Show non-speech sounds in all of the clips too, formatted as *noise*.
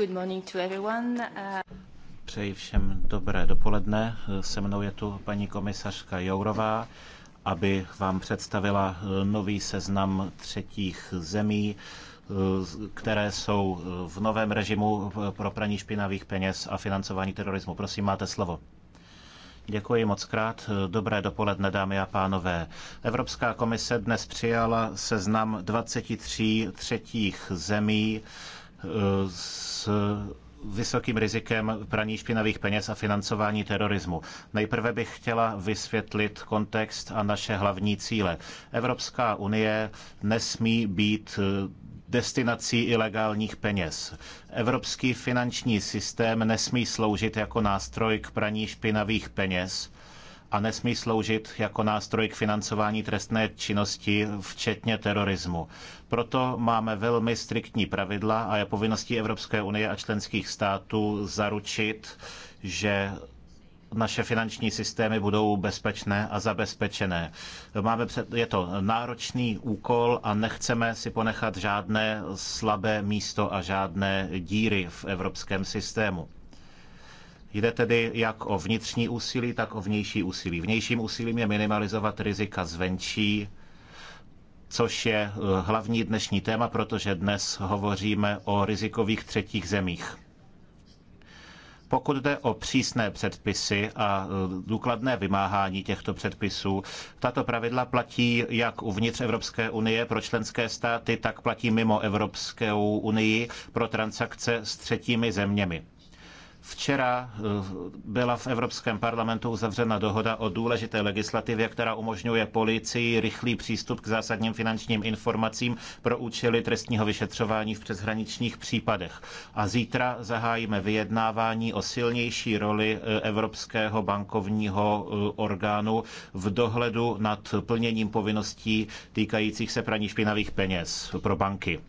Good morning to everyone. Uh, Přeji všem dobré dopoledne. Se mnou je tu paní komisařka Jourová, aby vám představila uh, nový seznam třetích zemí, uh, které jsou v novém režimu pro praní špinavých peněz a financování terorismu. Prosím, máte slovo. Děkuji moc krát. Dobré dopoledne, dámy a pánové. Evropská komise dnes přijala seznam 23 třetích zemí, s vysokým rizikem praní špinavých peněz a financování terorismu. Nejprve bych chtěla vysvětlit kontext a naše hlavní cíle. Evropská unie nesmí být eh, destinací ilegálních peněz. Evropský finanční systém nesmí sloužit jako nástroj k praní špinavých peněz a nesmí sloužit jako nástroj k financování trestné činnosti, včetně terorismu. Proto máme velmi striktní pravidla a je povinností Evropské unie a členských států zaručit, že naše finanční systémy budou bezpečné a zabezpečené. Máme před, je to náročný úkol a nechceme si ponechat žádné slabé místo a žádné díry v evropském systému. Jde tedy jak o vnitřní úsilí, tak o vnější úsilí. Vnějším úsilím je minimalizovat rizika zvenčí, což je eh, hlavní dnešní téma, protože dnes hovoříme o rizikových třetích zemích. Pokud jde o přísné předpisy a eh, důkladné vymáhání těchto předpisů, tato pravidla platí jak uvnitř Evropské unie pro členské státy, tak platí mimo Evropskou unii pro transakce s třetími zeměmi. Včera eh, byla v Evropském parlamentu uzavřena dohoda o důležité legislativě, která umožňuje policii rychlý přístup k zásadním finančním informacím pro účely trestního vyšetřování v přeshraničních případech. A zítra zahájíme vyjednávání o silnější roli eh, Evropského bankovního eh, orgánu v dohledu nad plněním povinností týkajících se praní špinavých peněz pro banky.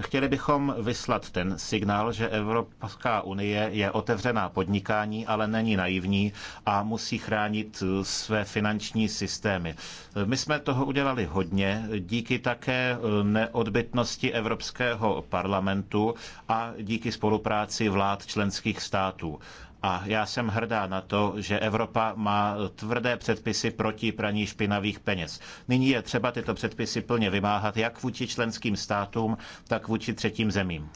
Chtěli bychom vyslat ten signál, že Evropská unie je otevřená podnikání, ale není naivní a musí chránit eh, své finanční systémy. Eh, my jsme toho udělali hodně díky také eh, neodbytnosti Evropského parlamentu a díky spolupráci vlád členských států. A já jsem hrdá na to, že Evropa má tvrdé předpisy proti praní špinavých peněz. Nyní je třeba tyto předpisy plně vymáhat jak vůči členským státům, tak vůči třetím zemím.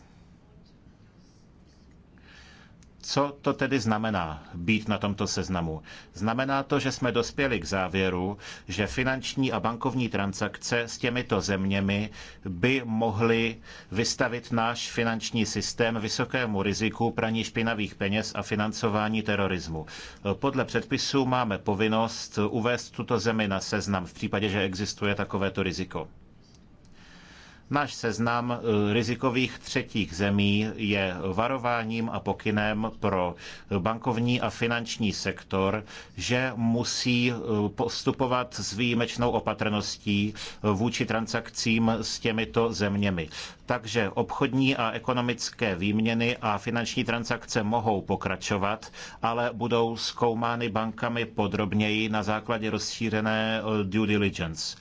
Co to tedy znamená být na tomto seznamu? Znamená to, že jsme dospěli k závěru, že finanční a bankovní transakce s těmito zeměmi by mohly vystavit náš finanční systém vysokému riziku praní špinavých peněz a financování terorismu. Podle předpisů máme povinnost uvést tuto zemi na seznam v případě, že existuje takovéto riziko. Náš seznam eh, rizikových třetích zemí je varováním a pokynem pro bankovní a finanční sektor, že musí eh, postupovat s výjimečnou opatrností eh, vůči transakcím s těmito zeměmi. Takže obchodní a ekonomické výměny a finanční transakce mohou pokračovat, ale budou zkoumány bankami podrobněji na základě rozšířené due diligence.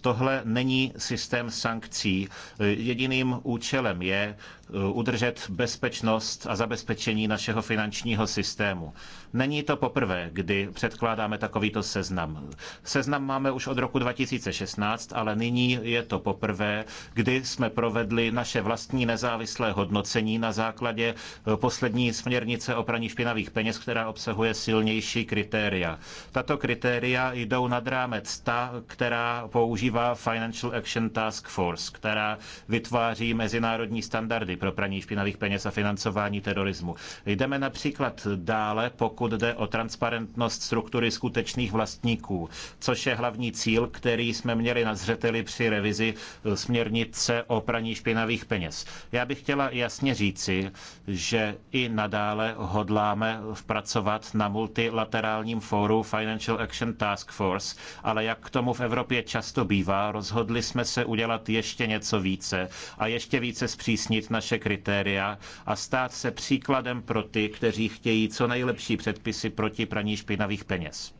Tohle není systém sankcí. Jediným účelem je eh, udržet bezpečnost a zabezpečení našeho finančního systému. Není to poprvé, kdy předkládáme takovýto seznam. Seznam máme už od roku 2016, ale nyní je to poprvé, kdy jsme provedli naše vlastní nezávislé hodnocení na základě eh, poslední směrnice o praní špinavých peněz, která obsahuje silnější kritéria. Tato kritéria jdou nad rámec ta, která používá využívá Financial Action Task Force, která vytváří mezinárodní standardy pro praní špinavých peněz a financování terorismu. Jdeme například dále, pokud jde o transparentnost struktury skutečných vlastníků, což je hlavní cíl, který jsme měli na zřeteli při revizi eh, směrnice o praní špinavých peněz. Já bych chtěla jasně říci, že i nadále hodláme pracovat na multilaterálním fóru Financial Action Task Force, ale jak k tomu v Evropě často bývá, vyplývá, rozhodli jsme se udělat ještě něco více a ještě více zpřísnit naše kritéria a stát se příkladem pro ty, kteří chtějí co nejlepší předpisy proti praní špinavých peněz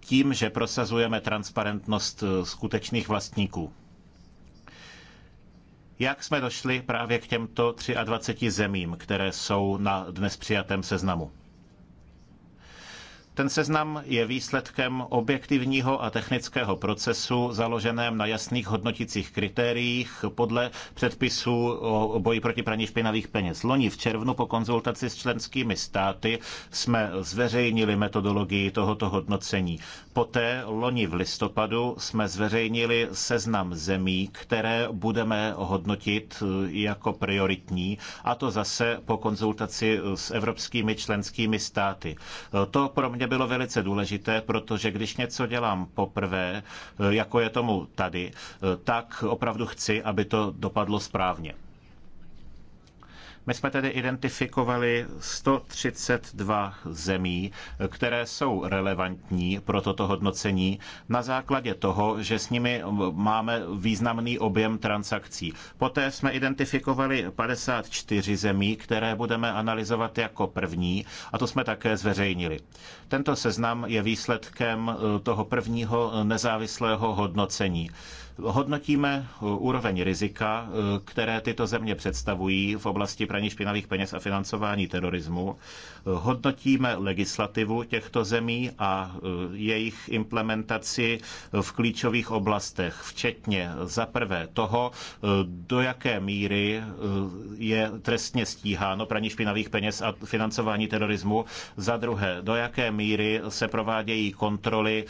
tím, že prosazujeme transparentnost eh, skutečných vlastníků. Jak jsme došli právě k těmto 23 zemím, které jsou na dnes přijatém seznamu? Ten seznam je výsledkem objektivního a technického procesu založeném na jasných hodnoticích kritériích podle předpisů o boji proti praní špinavých peněz. Loni v červnu po konzultaci s členskými státy jsme zveřejnili metodologii tohoto hodnocení. Poté loni v listopadu jsme zveřejnili seznam zemí, které budeme hodnotit jako prioritní, a to zase po konzultaci s evropskými členskými státy. To pro mě mě bylo velice důležité, protože když něco dělám poprvé, e, jako je tomu tady, e, tak opravdu chci, aby to dopadlo správně. My jsme tedy identifikovali 132 zemí, které jsou relevantní pro toto hodnocení na základě toho, že s nimi máme významný objem transakcí. Poté jsme identifikovali 54 zemí, které budeme analyzovat jako první a to jsme také zveřejnili. Tento seznam je výsledkem eh, toho prvního nezávislého hodnocení. Hodnotíme eh, úroveň rizika, eh, které tyto země představují v oblasti praní špinavých peněz a financování terorismu. Hodnotíme legislativu těchto zemí a e, jejich implementaci v klíčových oblastech, včetně za prvé toho, e, do jaké míry e, je trestně stíháno praní špinavých peněz a financování terorismu, za druhé, do jaké míry se provádějí kontroly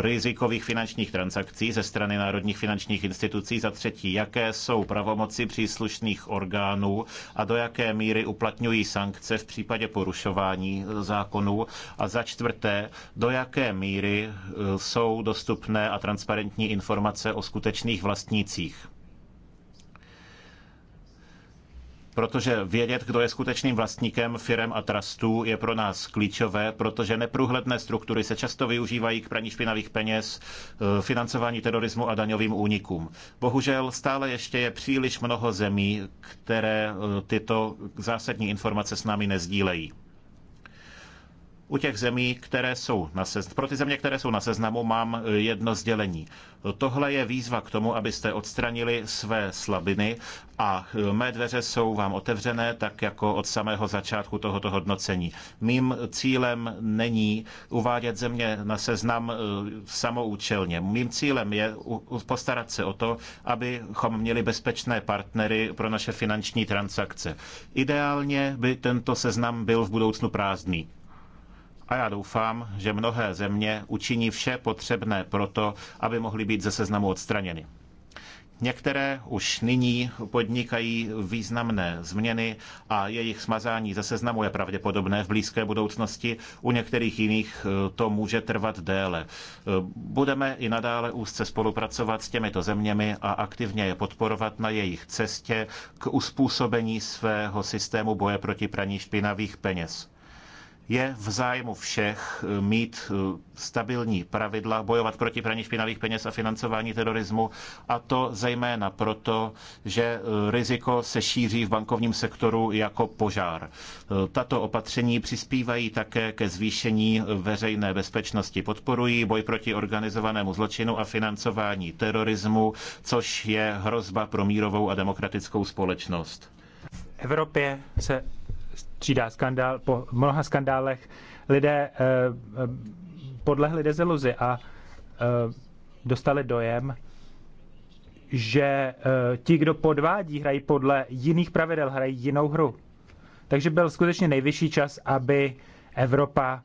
rizikových finančních transakcí ze strany národních finančních institucí, za třetí, jaké jsou pravomoci příslušných orgánů a do jaké jaké míry uplatňují sankce v případě porušování zákonů a za čtvrté, do jaké míry e, jsou dostupné a transparentní informace o skutečných vlastnících. protože vědět, kdo je skutečným vlastníkem firem a trustů, je pro nás klíčové, protože neprůhledné struktury se často využívají k praní špinavých peněz, eh, financování terorismu a daňovým únikům. Bohužel stále ještě je příliš mnoho zemí, které eh, tyto zásadní informace s námi nezdílejí. U těch zemí, které jsou na seznamu, pro ty země, které jsou na seznamu, mám e, jedno sdělení. Tohle je výzva k tomu, abyste odstranili své slabiny a e, mé dveře jsou vám otevřené, tak jako od samého začátku tohoto hodnocení. Mým cílem není uvádět země na seznam e, samoučelně. Mým cílem je postarat se o to, abychom měli bezpečné partnery pro naše finanční transakce. Ideálně by tento seznam byl v budoucnu prázdný. A já doufám, že mnohé země učiní vše potřebné proto, aby mohly být ze seznamu odstraněny. Některé už nyní podnikají významné změny a jejich smazání ze seznamu je pravděpodobné v blízké budoucnosti, u některých jiných eh, to může trvat déle. Eh, budeme i nadále úzce spolupracovat s těmito zeměmi a aktivně je podporovat na jejich cestě k uspůsobení svého systému boje proti praní špinavých peněz je v zájmu všech eh, mít eh, stabilní pravidla, bojovat proti praní špinavých peněz a financování terorismu, a to zejména proto, že eh, riziko se šíří v bankovním sektoru jako požár. Tato opatření přispívají také ke zvýšení veřejné bezpečnosti, podporují boj proti organizovanému zločinu a financování terorismu, což je hrozba pro mírovou a demokratickou společnost. V Evropě se třídá skandál, po mnoha skandálech lidé eh, eh, podlehli deziluzi a eh, dostali dojem, že ti, kdo podvádí, hrají podle jiných pravidel, hrají jinou hru. Takže byl skutečně nejvyšší čas, aby Evropa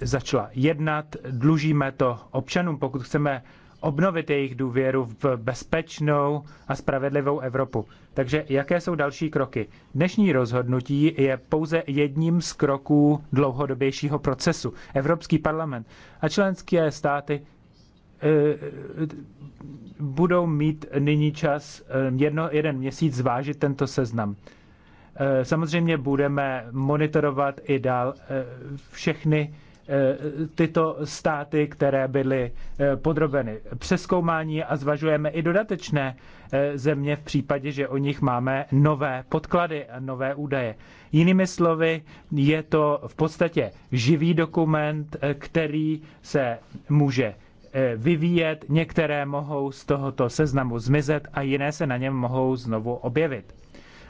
začala jednat. Dlužíme to občanům, pokud chceme obnovit jejich důvěru v bezpečnou a spravedlivou Evropu. Takže jaké jsou další kroky? Dnešní rozhodnutí je pouze jedním z kroků dlouhodobějšího procesu. Evropský parlament a členské státy eh, budou mít nyní čas eh, jedno, jeden měsíc zvážit tento seznam. Eh, samozřejmě budeme monitorovat i dál všechny Eh, tyto státy, které byly eh, podrobeny přeskoumání a zvažujeme i dodatečné eh, země v případě, že o nich máme nové podklady a nové údaje. Jinými slovy, je to v podstatě živý dokument, který se může vyvíjet, některé mohou z tohoto seznamu zmizet a jiné se na něm mohou znovu objevit.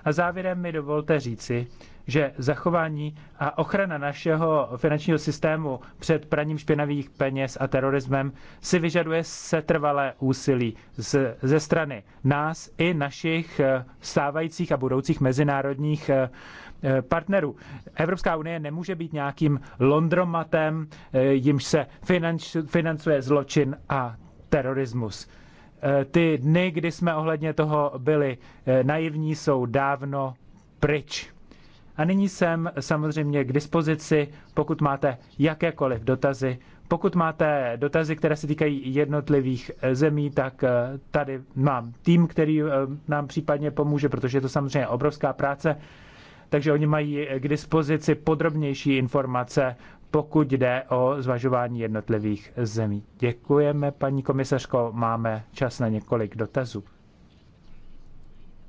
A závěrem mi dovolte říci, že zachování a ochrana našeho finančního systému před praním špinavých peněz a terorismem si vyžaduje setrvalé úsilí z, ze strany nás i našich eh, stávajících a budoucích mezinárodních eh, eh, partnerů. Evropská unie nemůže být nějakým londromatem, jimž se financuje zločin a terorismus. Eh, ty dny, kdy jsme ohledně toho byli eh, naivní, jsou dávno pryč. A nyní jsem samozřejmě k dispozici, pokud máte jakékoliv dotazy. Pokud máte dotazy, které se týkají jednotlivých eh, zemí, tak tady mám tým, který nám případně pomůže, protože je to samozřejmě obrovská práce. Takže oni mají k dispozici podrobnější informace pokud jde o zvažování jednotlivých zemí. Děkujeme, paní komisařko, máme čas na několik dotazů.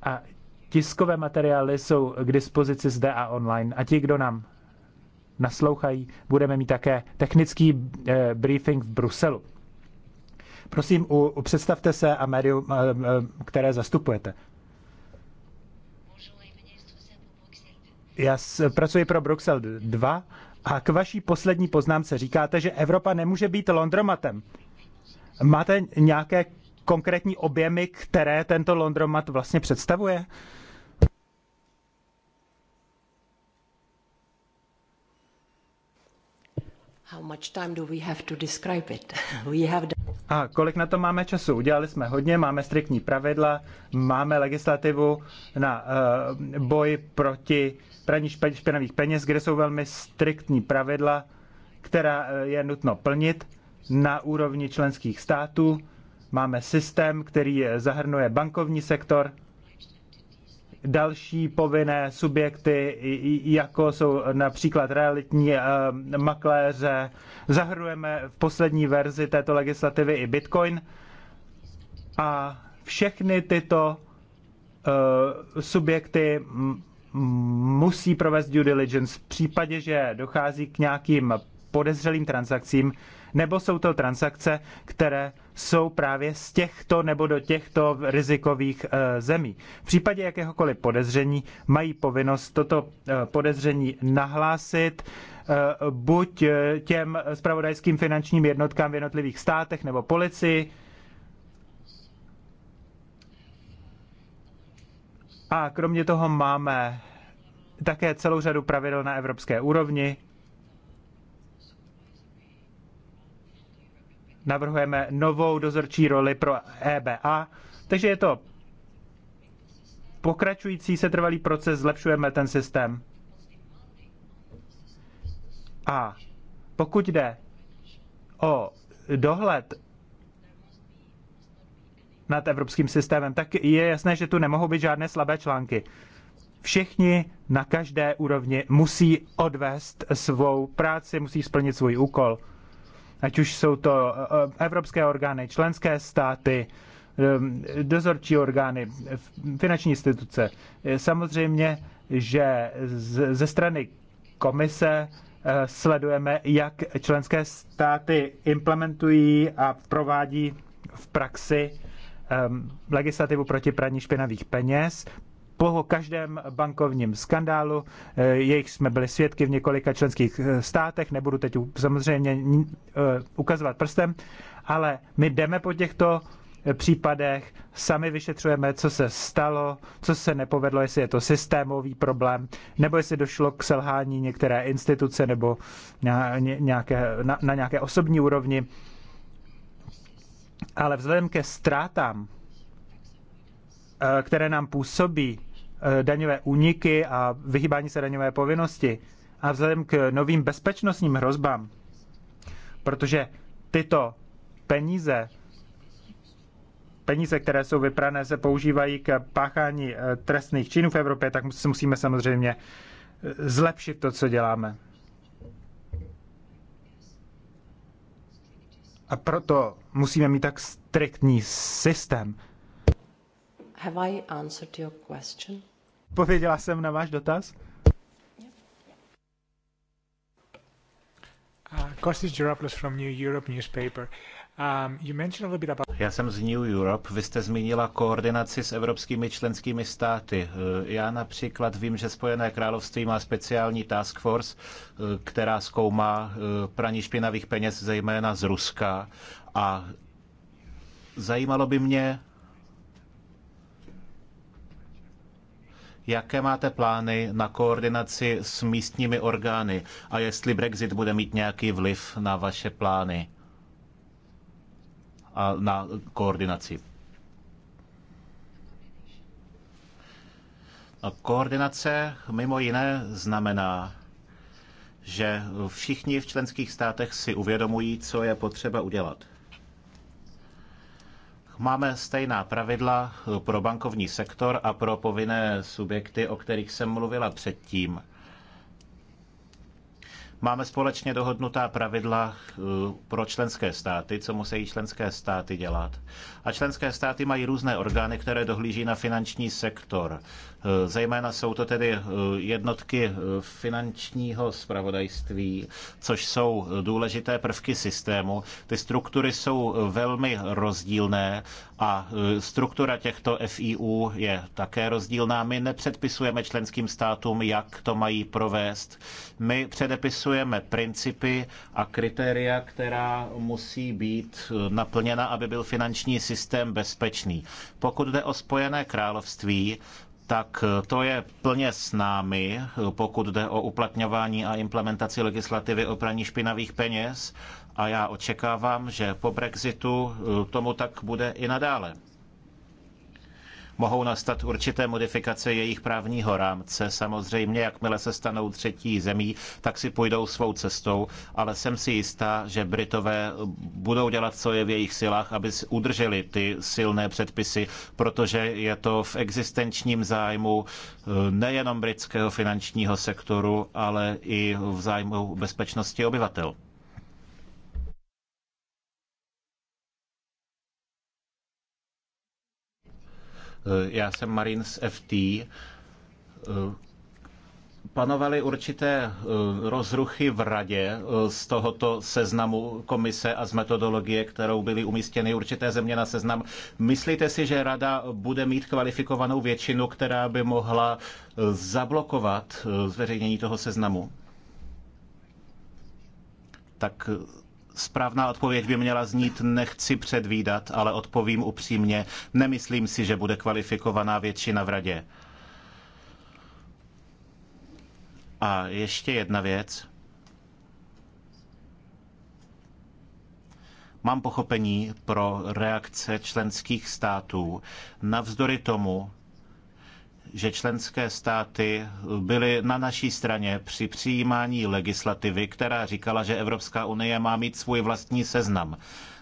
A tiskové materiály jsou k dispozici zde a online. A ti, kdo nám naslouchají, budeme mít také technický eh, briefing v Bruselu. Prosím, u, u představte se a médium, eh, eh, které zastupujete. Já s, pracuji pro Bruxelles 2 a k vaší poslední poznámce říkáte, že Evropa nemůže být Londromatem. Máte nějaké konkrétní objemy, které tento Londromat vlastně představuje? *laughs* A kolik na to máme času? Udělali jsme hodně, máme striktní pravidla, máme legislativu na uh, boj proti praní špinavých peněz, kde jsou velmi striktní pravidla, která eh, je nutno plnit na úrovni členských států. Máme systém, který eh, zahrnuje bankovní sektor, další povinné subjekty, jako jsou například realitní eh, makléře. Zahrnujeme v poslední verzi této legislativy i Bitcoin. A všechny tyto subjekty musí provést due diligence v případě, že dochází k nějakým podezřelým transakcím, nebo jsou to transakce, které jsou právě z těchto nebo do těchto rizikových eh, zemí. V případě jakéhokoliv podezření mají povinnost toto eh, podezření nahlásit eh, buď těm spravodajským finančním jednotkám v jednotlivých státech nebo policii, A kromě toho máme také celou řadu pravidel na evropské úrovni. Navrhujeme novou dozorčí roli pro EBA, takže je to pokračující se trvalý proces, zlepšujeme ten systém. A pokud jde o dohled nad evropským systémem, tak je jasné, že tu nemohou být žádné slabé články. Všichni na každé úrovni musí odvést svou práci, musí splnit svůj úkol. Ať už jsou to eh, evropské orgány, členské státy, eh, dozorčí orgány, finanční instituce. Samozřejmě, že ze strany komise eh, sledujeme, jak členské státy implementují a provádí v praxi Um, legislativu proti praní špinavých peněz. Po každém bankovním skandálu, eh, jejich jsme byli svědky v několika členských eh, státech, nebudu teď samozřejmě eh, ukazovat prstem, ale my jdeme po těchto případech, sami vyšetřujeme, co se stalo, co se nepovedlo, jestli je to systémový problém, nebo jestli došlo k selhání některé instituce nebo na nějaké, na, na nějaké osobní úrovni ale vzhledem ke ztrátám, eh, které nám působí eh, daňové úniky a vyhýbání se daňové povinnosti a vzhledem k novým bezpečnostním hrozbám, protože tyto peníze, peníze, které jsou vyprané, se používají k páchání eh, trestných činů v Evropě, tak se musíme samozřejmě zlepšit to, co děláme. A proto musíme mít tak striktní systém. Have I answered your question? Pověděla jsem na váš dotaz? Uh, Kostis Geropoulos from New Europe newspaper. Um, já jsem z New Europe, vy jste zmínila koordinaci s evropskými členskými státy. Uh, já například vím, že Spojené království má speciální task force, uh, která zkoumá uh, praní špinavých peněz zejména z Ruska. A zajímalo by mě, Jaké máte plány na koordinaci s místními orgány a jestli Brexit bude mít nějaký vliv na vaše plány? a na koordinaci. A no, koordinace mimo jiné znamená, že všichni v členských státech si uvědomují, co je potřeba udělat. Máme stejná pravidla pro bankovní sektor a pro povinné subjekty, o kterých jsem mluvila předtím. Máme společně dohodnutá pravidla eh, pro členské státy, co musí členské státy dělat. A členské státy mají různé orgány, které dohlíží na finanční sektor. Eh, zejména jsou to tedy eh, jednotky eh, finančního spravodajství, což jsou důležité prvky systému. Ty struktury jsou velmi rozdílné a struktura těchto FIU je také rozdílná. My nepředpisujeme členským státům, jak to mají provést. My předepisujeme principy a kritéria, která musí být naplněna, aby byl finanční systém bezpečný. Pokud jde o Spojené království, tak eh, to je plně s námi, eh, pokud jde o uplatňování a implementaci legislativy o praní špinavých peněz. A já očekávám, že po Brexitu eh, tomu tak bude i nadále mohou nastat určité modifikace jejich právního rámce. Samozřejmě, jakmile se stanou třetí zemí, tak si půjdou svou cestou, ale jsem si jistá, že Britové budou dělat, co je v jejich silách, aby udrželi ty silné předpisy, protože je to v existenčním zájmu eh, nejenom britského finančního sektoru, ale i v zájmu bezpečnosti obyvatel. Eh, já jsem Marines FT, eh, panovaly určité eh, rozruchy v radě z tohoto seznamu komise a z metodologie, kterou byly umístěny určité země na seznam. Myslíte si, že rada bude mít kvalifikovanou většinu, která by mohla zablokovat zveřejnění toho seznamu? Tak Správná odpověď by měla znít nechci předvídat, ale odpovím upřímně, nemyslím si, že bude kvalifikovaná většina v radě. A ještě jedna věc. Mám pochopení pro reakce členských států. Navzdory tomu, že členské státy byly na naší straně při přijímání legislativy, která říkala, že Evropská unie má mít svůj vlastní seznam.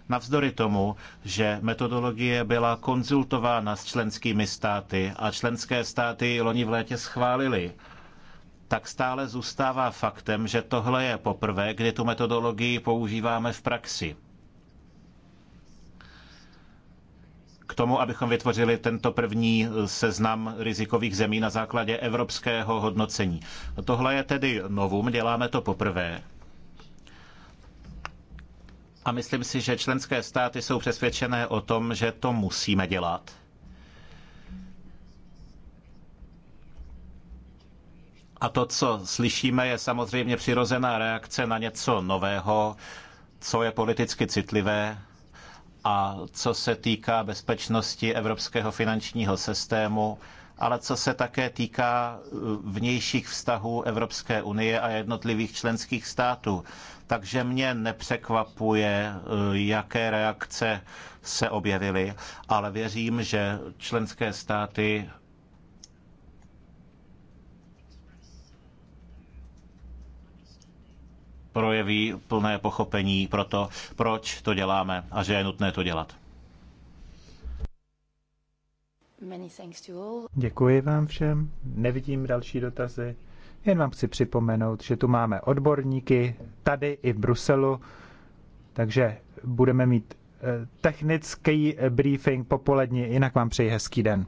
Navzdory tomu, že metodologie byla konzultována s členskými státy a členské státy loni v létě schválili, tak stále zůstává faktem, že tohle je poprvé, kdy tu metodologii používáme v praxi. k tomu, abychom vytvořili tento první eh, seznam rizikových zemí na základě evropského hodnocení. Tohle je tedy novum, děláme to poprvé. A myslím si, že členské státy jsou přesvědčené o tom, že to musíme dělat. A to, co slyšíme, je samozřejmě přirozená reakce na něco nového, co je politicky citlivé, a co se týká bezpečnosti evropského finančního systému, ale co se také týká eh, vnějších vztahů Evropské unie a jednotlivých členských států. Takže mě nepřekvapuje, eh, jaké reakce se objevily, ale věřím, že členské státy projeví plné pochopení pro to, proč to děláme a že je nutné to dělat. Děkuji vám všem. Nevidím další dotazy. Jen vám chci připomenout, že tu máme odborníky tady i v Bruselu, takže budeme mít eh, technický eh, briefing popolední. Jinak vám přeji hezký den.